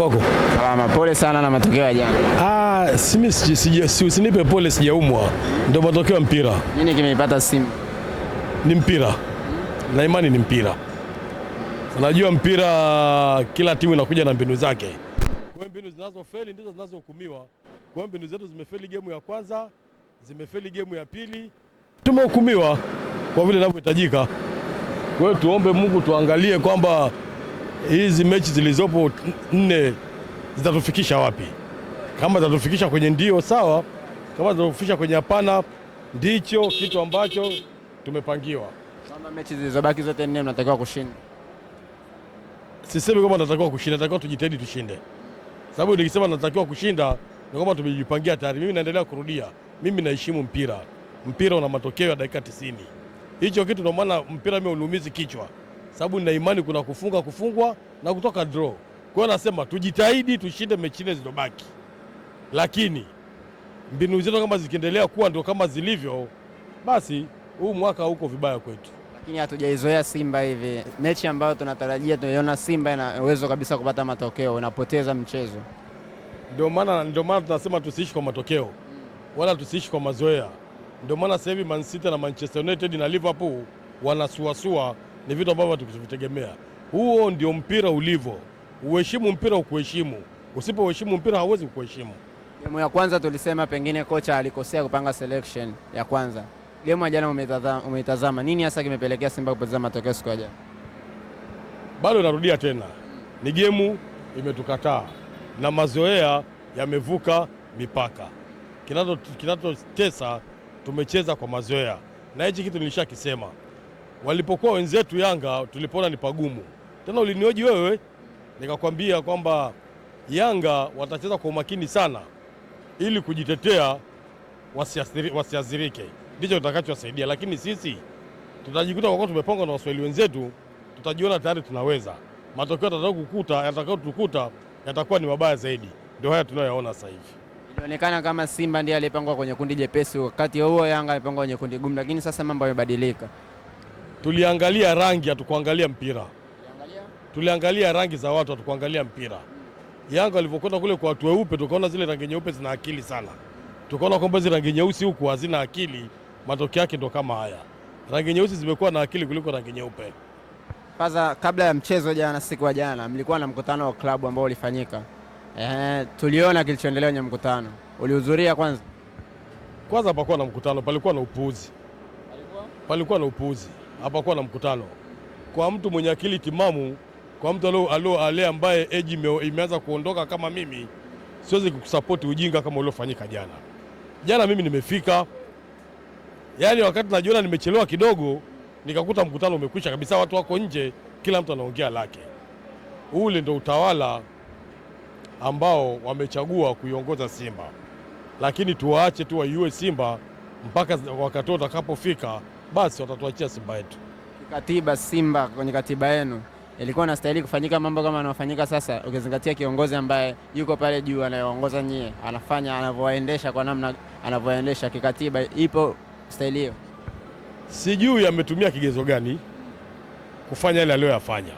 kwako? Salama. Pole sana na matokeo ya jana. Ah, simi si usinipe pole, sijaumwa. Ndio matokeo ya mpira. Nini kimeipata simu? Ni mpira hmm. Na imani ni mpira. Unajua mpira kila timu inakuja na mbinu zake. Kwa hiyo mbinu zinazofeli ndizo zinazohukumiwa. Kwa hiyo mbinu zetu zimefeli gemu ya kwanza, zimefeli gemu ya pili, tumehukumiwa kwa vile inavyohitajika. Kwa hiyo tuombe Mungu tuangalie kwamba hizi mechi zilizopo nne zitatufikisha wapi? Kama zitatufikisha kwenye ndio sawa, kama zitatufikisha kwenye hapana, ndicho kitu ambacho tumepangiwa. Kama mechi zilizobaki zote nne mnatakiwa kushinda. Sisemi kwamba natakiwa kushinda, natakiwa tujitahidi tushinde, sababu nikisema natakiwa kushinda ni kwamba tumejipangia tayari. Mimi naendelea kurudia, mimi naheshimu mpira. Mpira una matokeo ya dakika 90. Hicho kitu ndio maana mpira mimi uniumizi kichwa sababu nina imani kuna kufunga kufungwa na kutoka draw. Kwa hiyo nasema tujitahidi tushinde mechi ile zilizobaki, lakini mbinu zetu kama zikiendelea kuwa ndio kama zilivyo, basi huu mwaka huko vibaya kwetu. Lakini hatujaizoea Simba hivi, mechi ambayo tunatarajia tunaiona Simba ina uwezo kabisa kupata matokeo, inapoteza mchezo. Ndio maana ndio maana tunasema tusiishi kwa matokeo wala tusiishi kwa mazoea. Ndio maana sasa hivi Man City na Manchester United na Liverpool wanasuasua ni vitu ambavyo hatukuvitegemea. Huo ndio mpira ulivyo, uheshimu mpira ukuheshimu, usipoheshimu mpira hauwezi kuheshimu Gemu ya kwanza tulisema pengine kocha alikosea kupanga selection ya kwanza. Gemu ya jana umeitazama, nini hasa kimepelekea Simba kupoteza matokeo siku ya jana? Bado narudia tena, ni gemu imetukataa na mazoea yamevuka mipaka. Kinachotesa, tumecheza kwa mazoea, na hichi kitu nilishakisema walipokuwa wenzetu Yanga tulipona ni pagumu. Tena ulinioji wewe nikakwambia kwamba Yanga watacheza kwa umakini sana ili kujitetea wasiathirike, ndicho tutakachowasaidia. Lakini sisi tutajikuta kwa kuwa tumepangwa na waswahili wenzetu, tutajiona tayari tunaweza. Matokeo yatakao tukuta yatakuwa ni mabaya zaidi. Ndio haya tunayoyaona sasa hivi. Inaonekana kama Simba ndiye alipangwa kwenye kundi jepesi, wakati huo Yanga alipangwa kwenye kundi gumu, lakini sasa mambo yamebadilika tuliangalia rangi, hatukuangalia mpira. Tuliangalia rangi za watu, hatukuangalia mpira. Yanga walivyokwenda kule kwa watu weupe, tukaona zile rangi nyeupe zina akili sana, tukaona kwamba hizi rangi nyeusi huku hazina akili. Matokeo yake ndo kama haya, rangi nyeusi zimekuwa na akili kuliko rangi nyeupe. Kwanza, kabla ya mchezo jana, siku ya jana, mlikuwa na mkutano wa klabu ambao ulifanyika. Ehe, tuliona kilichoendelea kwenye mkutano, ulihudhuria? Kwanza kwanza, pakuwa na mkutano, palikuwa na upuuzi, palikuwa na upuuzi hapakuwa na mkutano. Kwa mtu mwenye akili timamu, kwa mtu ale ambaye eji imeanza kuondoka kama mimi, siwezi kukusapoti ujinga kama uliofanyika jana. Jana mimi nimefika, yaani wakati najiona nimechelewa kidogo, nikakuta mkutano umekwisha kabisa, watu wako nje, kila mtu anaongea lake. Ule ndo utawala ambao wamechagua kuiongoza Simba, lakini tuwaache tu waiue Simba mpaka wakati utakapofika basi watatuachia Simba yetu. katiba Simba kwenye katiba yenu ilikuwa inastahili kufanyika mambo kama yanayofanyika sasa, ukizingatia kiongozi ambaye yuko pale juu anayeongoza nyie, anafanya anavyowaendesha kwa namna anavyowaendesha, kikatiba ipo stahili hiyo. Sijui ametumia kigezo gani kufanya yale aliyoyafanya,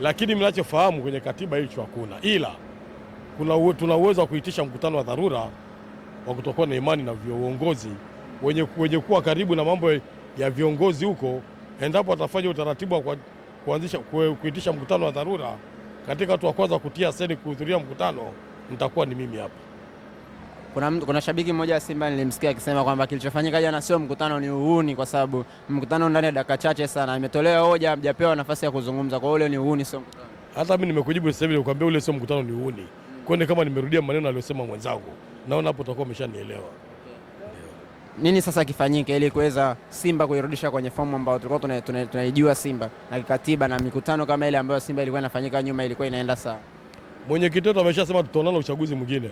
lakini mnachofahamu kwenye katiba hicho hakuna, ila kuna tuna uwezo wa kuitisha mkutano wa dharura wa kutokuwa na imani na viongozi wenye, wenye kuwa karibu na mambo ya viongozi huko, endapo atafanya utaratibu wa kuanzisha kuitisha mkutano wa dharura, katika watu wa kwanza kutia seni kuhudhuria mkutano nitakuwa ni mimi hapa. Kuna, kuna shabiki mmoja wa Simba nilimsikia akisema kwamba kilichofanyika jana sio mkutano, ni uhuni, kwa sababu mkutano ndani ya dakika chache sana imetolewa hoja, hajapewa nafasi ya kuzungumza. Kwa hiyo ule ni uhuni, sio mkutano. Hata mimi nimekujibu sasa hivi nikwambia ule sio mkutano, ni uhuni. Kwa kama nimerudia maneno aliyosema mwenzangu, naona hapo utakuwa umeshanielewa nini sasa kifanyike ili kuweza Simba kuirudisha kwenye fomu ambayo tulikuwa tunaijua Simba na kikatiba na mikutano kama ile ambayo Simba ilikuwa inafanyika nyuma ilikuwa inaenda sawa. Mwenyekiti wetu ameshasema tutaonana uchaguzi mwingine,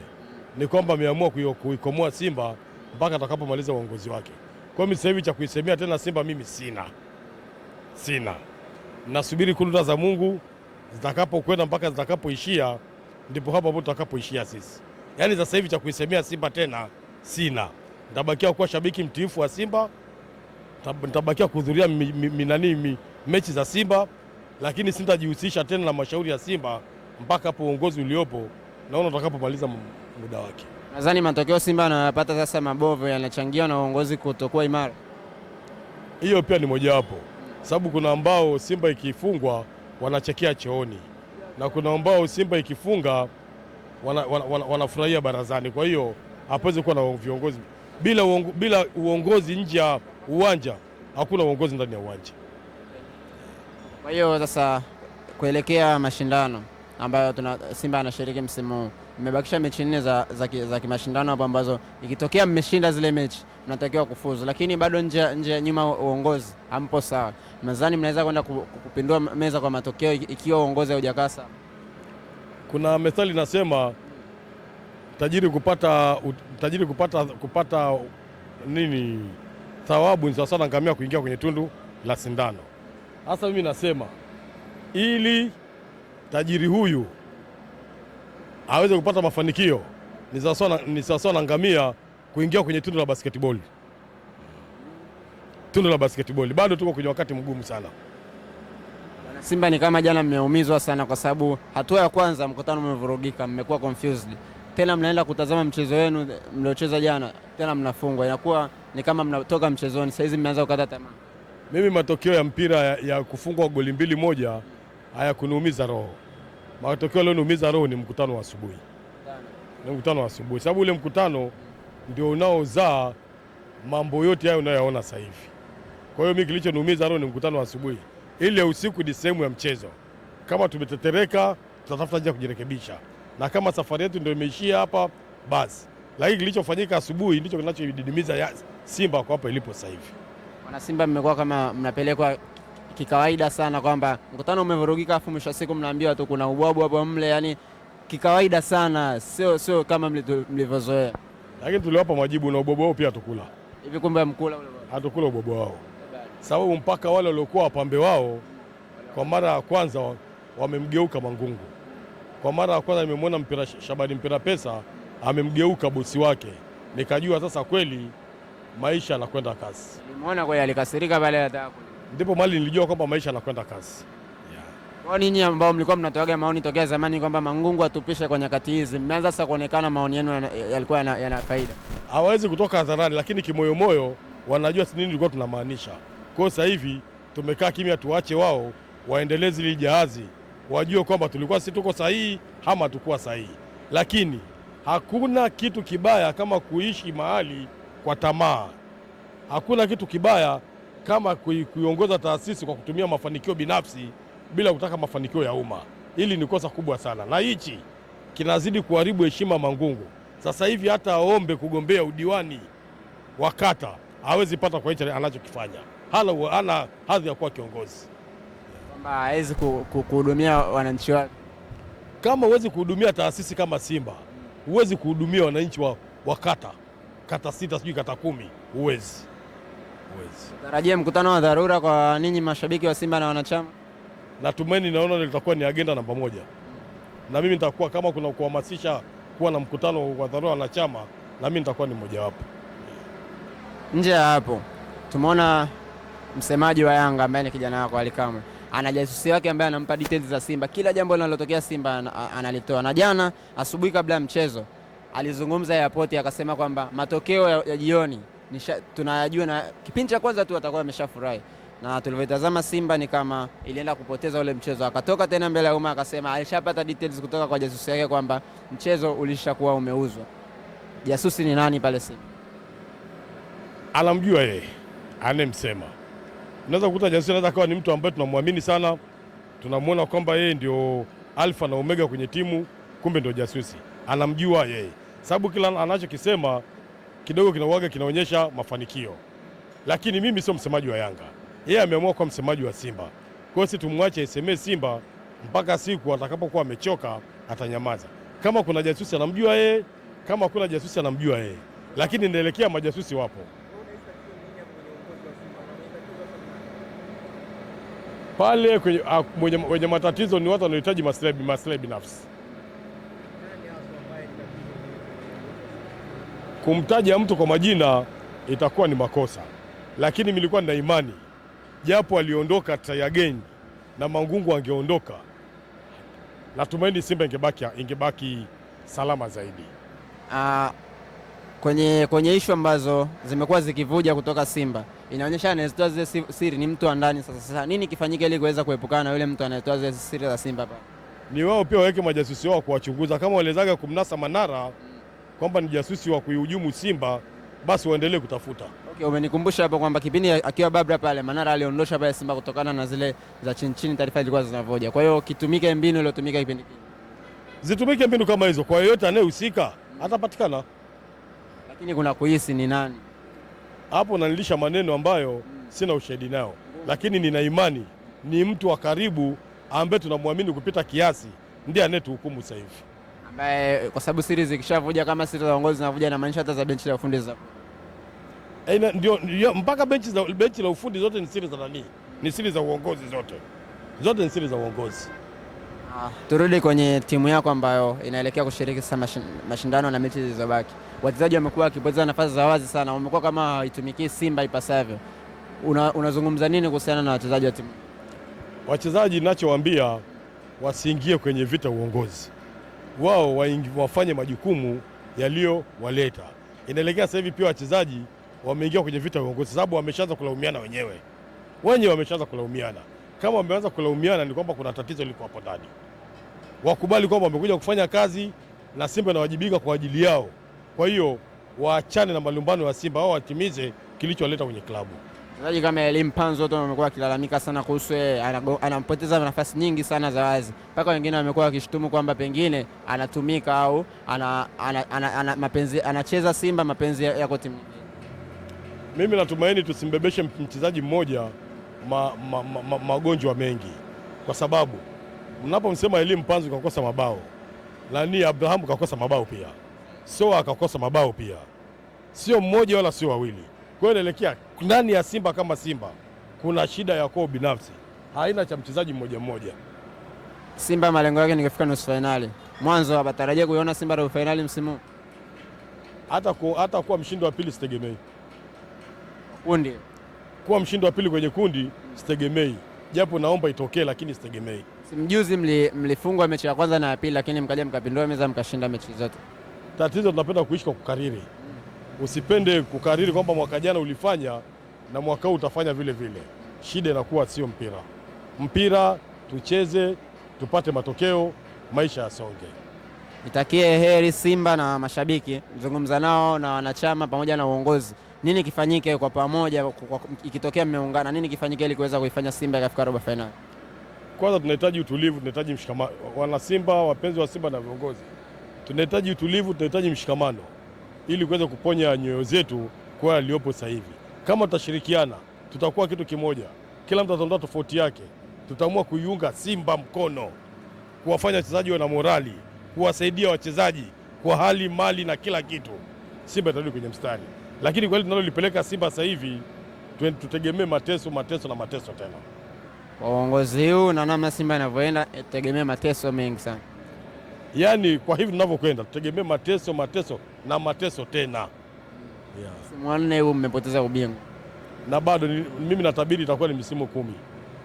ni kwamba ameamua kuikomoa Simba mpaka atakapomaliza uongozi wake. Kwa mimi sasa hivi cha kuisemea tena Simba mimi sina, sina. Nasubiri kuluta za Mungu zitakapokwenda mpaka zitakapoishia, ndipo hapo hapo tutakapoishia sisi. Yaani sasa hivi cha kuisemea Simba tena sina nitabakia kuwa shabiki mtiifu wa Simba, nitabakia kuhudhuria mi, mi, mi, mechi za Simba, lakini sitajihusisha tena na mashauri ya Simba mpaka hapo uongozi uliopo naona utakapomaliza muda wake. Nadhani matokeo Simba anayopata sasa mabovu yanachangiwa na uongozi kutokuwa imara. Hiyo pia ni mojawapo sababu, kuna ambao Simba ikifungwa wanachekea chooni na kuna ambao Simba ikifunga wanafurahia wana, wana, wana barazani. Kwa hiyo hapawezi kuwa na viongozi bila, uongo, bila uongozi nje ya uwanja hakuna uongozi ndani ya uwanja. Kwa hiyo sasa kuelekea mashindano ambayo tuna Simba anashiriki msimu huu, mmebakisha mechi nne za, za, za kimashindano hapo ambazo ikitokea mmeshinda zile mechi mnatakiwa kufuzu, lakini bado nje, nje nyuma uongozi hampo sawa. Nadhani mnaweza kwenda kupindua meza kwa matokeo ikiwa uongozi haujakaa sawa. Kuna methali nasema tajiri kupata, tajiri kupata, kupata nini thawabu ni sawasawa na ngamia kuingia kwenye tundu la sindano. Hasa mimi nasema ili tajiri huyu aweze kupata mafanikio ni sawasawa na ngamia kuingia kwenye tundu la basketball. Tundu la basketball bado tuko kwenye wakati mgumu sana. Simba ni kama jana mmeumizwa sana, kwa sababu hatua ya kwanza mkutano umevurugika, mmekuwa confused tena mnaenda kutazama mchezo wenu mliocheza jana, tena mnafungwa, inakuwa ni kama mnatoka mchezoni, Sasa hizi mmeanza kukata tamaa. Mimi matokeo ya mpira ya, ya kufungwa goli mbili moja hayakuniumiza roho. Matokeo yaliyoniumiza roho ni mkutano wa asubuhi, ni mkutano wa asubuhi, sababu ule mkutano ndio unaozaa mambo yote hayo unayoyaona sasa hivi. Kwa hiyo mimi kilichoniumiza roho ni mkutano wa asubuhi, ile usiku ni sehemu ya mchezo. Kama tumetetereka, tutatafuta njia kujirekebisha na kama safari yetu ndio imeishia hapa basi, lakini kilichofanyika asubuhi ndicho kinachodidimiza Simba kwa hapa ilipo sasa hivi. Wana Simba, mmekuwa kama mnapelekwa kikawaida sana kwamba mkutano umevurugika, afu mwisho siku mnaambiwa tu kuna ubwabu hapo mle, yani kikawaida sana, sio sio kama mlivyozoea, lakini tuliwapa majibu na ubwabu wao pia tukula Hivi kumbe mkula ule ubwabu? Hatukula ubwabu wao, sababu mpaka wale waliokuwa wapambe wao kwa mara ya kwanza wamemgeuka Mangungu. Kwa mara ya kwanza nimemwona mpira Shabani mpira pesa amemgeuka bosi wake, nikajua sasa kweli maisha yanakwenda kasi. Nimeona kweli alikasirika pale, ndipo mali nilijua kwamba maisha yanakwenda kasi. Kwa ninyi ambao mlikuwa mnatoaga maoni tokea zamani kwamba Mangungu atupishe kwa nyakati hizi, mmeanza sasa kuonekana maoni yenu yalikuwa yana, yana faida. Hawawezi kutoka hadharani, lakini kimoyomoyo wanajua si nini tulikuwa tunamaanisha. Kwa hiyo sasa hivi tumekaa kimya, tuwache wao waendeleze hili jahazi wajue kwamba tulikuwa si tuko sahihi ama tukuwa sahihi, lakini hakuna kitu kibaya kama kuishi mahali kwa tamaa. Hakuna kitu kibaya kama kuiongoza taasisi kwa kutumia mafanikio binafsi bila kutaka mafanikio ya umma. Hili ni kosa kubwa sana, na hichi kinazidi kuharibu heshima Mangungu. Sasa hivi hata aombe kugombea udiwani wa kata hawezi pata kwa hicho anachokifanya. Hana hadhi ya kuwa kiongozi. Simba ah, hawezi kuhudumia wananchi wake. Kama huwezi kuhudumia taasisi kama Simba, huwezi kuhudumia wananchi wa, wa kata kata sita, sijui kata kumi, huwezi huwezi. Tarajia mkutano wa dharura kwa ninyi mashabiki wa Simba na wanachama. Natumaini, naona litakuwa ni agenda namba moja, na mimi nitakuwa kama kuna kuhamasisha kuwa na mkutano wa dharura wanachama, na mimi nitakuwa ni mojawapo. Nje ya hapo, tumeona msemaji wa Yanga ambaye ni kijana wako Alikamwe ana jasusi wake ambaye anampa details za Simba, kila jambo linalotokea Simba analitoa. Na jana asubuhi, kabla ya mchezo, alizungumza airport, akasema kwamba matokeo ya, ya jioni tunayajua, na kipindi cha kwanza tu atakuwa ameshafurahi na tulivyotazama Simba ni kama ilienda kupoteza ule mchezo. Akatoka tena mbele ya umma akasema alishapata details kutoka kwa jasusi yake kwamba mchezo ulishakuwa umeuzwa. Jasusi ni nani pale Simba? Anamjua yeye, anemsema Unaweza kukuta Jasusi anaweza kawa ni mtu ambaye tunamwamini sana, tunamwona kwamba yeye ndio alfa na omega kwenye timu, kumbe ndio jasusi anamjua yeye, sababu kila anachokisema kidogo kinauaga kinaonyesha mafanikio. Lakini mimi sio msemaji wa Yanga, yeye ameamua kuwa msemaji wa Simba. Kwa hiyo si tumwache aisemee Simba mpaka siku atakapokuwa amechoka, atanyamaza. Kama kuna jasusi anamjua yeye, kama kuna jasusi anamjua yeye, lakini naelekea majasusi wapo. pale ah, mwenye matatizo ni watu wanaohitaji maslahi binafsi. Kumtaja mtu kwa majina itakuwa ni makosa, lakini nilikuwa nina imani japo aliondoka Tayageni na Mangungu angeondoka, natumaini Simba ingebaki ingebaki salama zaidi. Aa, ah, kwenye, kwenye ishu ambazo zimekuwa zikivuja kutoka Simba inaonyesha anazitoa zile siri ni mtu wa ndani. Sasa sasa nini kifanyike ili kuweza kuepukana na yule mtu anayetoa zile siri za Simba pale? Ni wao pia waweke majasusi wao kuwachunguza, kama waliwezaga kumnasa Manara kwamba ni jasusi wa kuihujumu Simba, basi waendelee kutafuta. Okay, umenikumbusha hapo kwamba kipindi akiwa Babra pale Manara aliondosha pale Simba kutokana na zile za chini chini taarifa zilikuwa zinavoja. Kwa hiyo kitumike mbinu iliyotumika kipindi kile, zitumike mbinu kama hizo kwa yoyote anayehusika mm. atapatikana, lakini kuna kuhisi ni nani hapo nanilisha maneno ambayo sina ushahidi nao, lakini nina imani ni mtu wa karibu ambaye tunamwamini kupita kiasi ndiye anayetuhukumu sasa hivi, ambaye kwa sababu siri zikishavuja kama siri za uongozi zinavuja, na maanisha hata za benchi la ufundi za aina eh, ndio mpaka benchi za benchi la ufundi zote ni siri za nani? Ni siri za uongozi zote, zote ni siri za uongozi. Turudi kwenye timu yako ambayo inaelekea kushiriki sasa mashindano na mechi zilizobaki. Wachezaji wamekuwa wakipoteza nafasi za wazi sana, wamekuwa kama hawaitumikii Simba ipasavyo. Unazungumza una nini kuhusiana na wachezaji wa timu? Wachezaji ninachowaambia wasiingie kwenye vita uongozi, wao wafanye majukumu yaliyowaleta. Inaelekea sasa hivi pia wachezaji wameingia kwenye vita uongozi, sababu wameshaanza kulaumiana wenyewe, wenye wameshaanza kulaumiana kama wameanza kulaumiana ni kwamba kuna tatizo liko hapo ndani. Wakubali kwamba wamekuja kufanya kazi na Simba inawajibika kwa ajili yao. Kwa hiyo waachane na malumbano ya Simba, wao watimize kilichowaleta kwenye klabu. Mchezaji kama Elim Panzo watu wamekuwa wakilalamika sana kuhusu yeye, anampoteza nafasi nyingi sana za wazi, mpaka wengine wamekuwa wakishutumu kwamba pengine anatumika au ana, ana, ana, ana, mapenzi, anacheza Simba mapenzi yako timu nyingine. Mimi natumaini tusimbebeshe mchezaji mmoja ma, ma, ma, ma, magonjwa mengi, kwa sababu mnapomsema elimu panzu kakosa mabao, nani Abrahamu kakosa mabao pia, Soa akakosa mabao pia, sio mmoja wala sio wawili. Kwa hiyo inaelekea ndani ya Simba kama Simba kuna shida ya kwao binafsi, haina cha mchezaji mmoja mmoja. Simba malengo yake ni kufika nusu fainali. Mwanzo abatarajia kuiona Simba robo fainali msimu hata, ku, hata kuwa mshindi wa pili sitegemei kundi kuwa mshindi wa pili kwenye kundi sitegemei, japo naomba itokee, lakini sitegemei. Simjuzi mlifungwa mechi ya kwanza na ya pili, lakini mkaja mkapindua meza mkashinda mechi zote. Tatizo tunapenda kuishi kwa kukariri, usipende kukariri kwamba mwaka jana ulifanya na mwaka huu utafanya vile vile. Shida inakuwa sio mpira. Mpira tucheze, tupate matokeo, maisha yasonge. Nitakie heri Simba na mashabiki, mzungumza nao na wanachama pamoja na uongozi nini kifanyike kwa pamoja, ikitokea mmeungana, nini kifanyike ili kuweza kuifanya Simba ikafika robo fainali? Kwanza tunahitaji utulivu, tunahitaji mshikamano. Wana Simba, wapenzi wa Simba na viongozi, tunahitaji utulivu, tunahitaji mshikamano ili kuweza kuponya nyoyo zetu kwa yaliyopo sasa hivi. Kama tutashirikiana, tutakuwa kitu kimoja, kila mtu ataondoa tofauti yake, tutaamua kuiunga Simba mkono, kuwafanya wachezaji wana morali, kuwasaidia wachezaji kwa hali mali na kila kitu, Simba itarudi kwenye mstari lakini kweli tunalolipeleka Simba sasa hivi tutegemee mateso, mateso na mateso tena kwa uongozi huu na namna Simba inavyoenda, tutegemee eh, mateso mengi sana. Yaani kwa hivi tunavyokwenda, tutegemee mateso, mateso na mateso tena. Msimu wa nne huu mmepoteza ubingwa na bado ni, mimi natabiri itakuwa ni misimu kumi,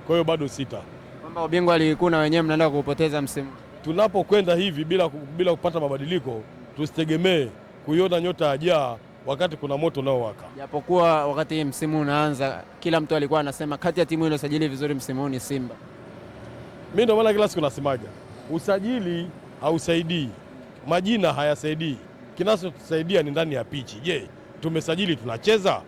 kwa hiyo bado sita, kwamba ubingwa alikuu na wenyewe mnaenda kuupoteza msimu. Tunapokwenda hivi bila, bila kupata mabadiliko, tusitegemee kuiona nyota ajaa wakati kuna moto unaowaka. Japokuwa wakati msimu unaanza, kila mtu alikuwa anasema kati ya timu iliyosajili vizuri msimu huu ni Simba. Mimi ndio maana kila siku nasemaje, usajili hausaidii, majina hayasaidii, kinachotusaidia ni ndani ya pichi. Je, tumesajili, tunacheza?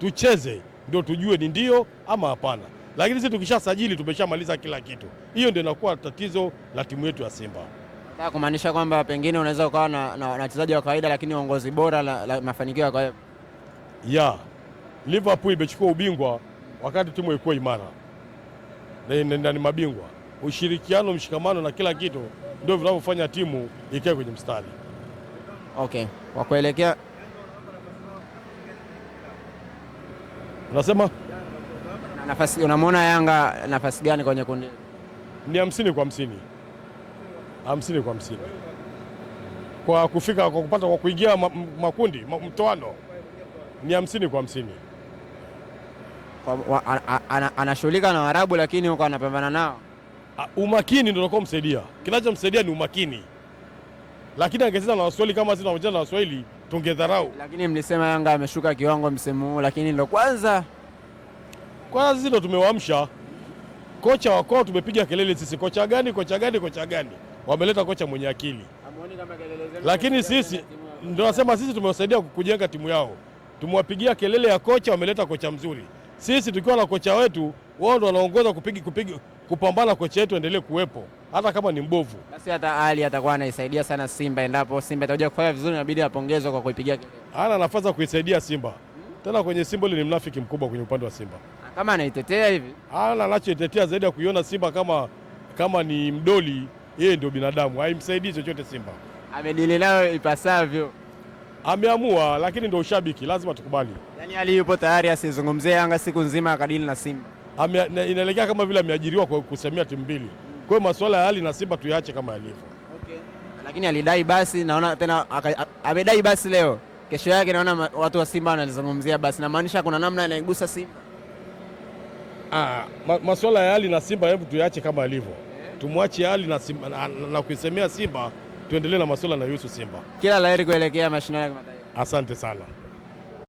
Tucheze ndio tujue ni ndio ama hapana, lakini sisi tukishasajili tumeshamaliza kila kitu. Hiyo ndio inakuwa tatizo la timu yetu ya Simba kumaanisha kwamba pengine unaweza ukawa na wachezaji wa kawaida lakini uongozi bora la, la mafanikio ya yeah. Liverpool imechukua ubingwa wakati timu ilikuwa imara na ni mabingwa. Ushirikiano, mshikamano na kila kitu ndio vinavyofanya timu ikae kwenye mstari. Okay, kwa kuelekea unasema nafasi, unamwona Yanga nafasi gani kwenye kundi? Ni hamsini kwa hamsini hamsini kwa hamsini kwa kufika kwa kupata kwa kuingia makundi mtoano ni hamsini kwa hamsini. Anashughulika na Waarabu lakini huko anapambana nao. Umakini ndio unakuwa msaidia, kinachomsaidia ni umakini, lakini angecheza na Waswahili kama sisi tunacheza na Waswahili tungedharau. Lakini mlisema Yanga ameshuka kiwango msimu huu, lakini ndio kwanza kwanza sisi ndio tumewaamsha. Kocha wa kwao tumepiga kelele sisi, kocha gani, kocha gani, kocha gani wameleta kocha mwenye akili, lakini sisi ndio nasema sisi tumewasaidia kujenga timu yao, tumewapigia kelele ya kocha, wameleta kocha mzuri. Sisi tukiwa na kocha wetu, wao ndio wanaongoza kupigi, kupigi, kupambana kocha wetu endelee kuwepo hata kama ni mbovu. Basi hata Ali atakuwa anaisaidia sana Simba, endapo Simba itakuja kufanya vizuri, inabidi apongezwe kwa kuipigia kelele. nafasi ya kuisaidia Simba tena kwenye Simba ile ni mnafiki mkubwa kwenye upande wa Simba. Ah, kama anaitetea hivi, ana anachoitetea zaidi ya kuiona Simba kama, kama ni mdoli yeye ndio binadamu, haimsaidii chochote. Simba amedili nayo ipasavyo, ameamua, lakini ndio ushabiki, lazima tukubali. Yaani Ali yupo tayari asizungumzie Yanga siku nzima, akadili na Simba. Inaelekea kama vile ameajiriwa kwa kusimamia timu mbili, kwa hiyo masuala ya Ali na Simba tuyaache kama yalivyo. Okay. Lakini alidai basi, naona tena amedai basi leo, kesho yake naona watu wa Simba wanalizungumzia basi, namaanisha kuna namna anaigusa Simba. Ah, masuala ya Ali na Simba hebu tuyaache kama yalivyo tumwache hali na, na, na, na kuisemea Simba, tuendelee na masuala yusu Simba. Kila laheri kuelekea mashindano ya kimataifa. Asante sana.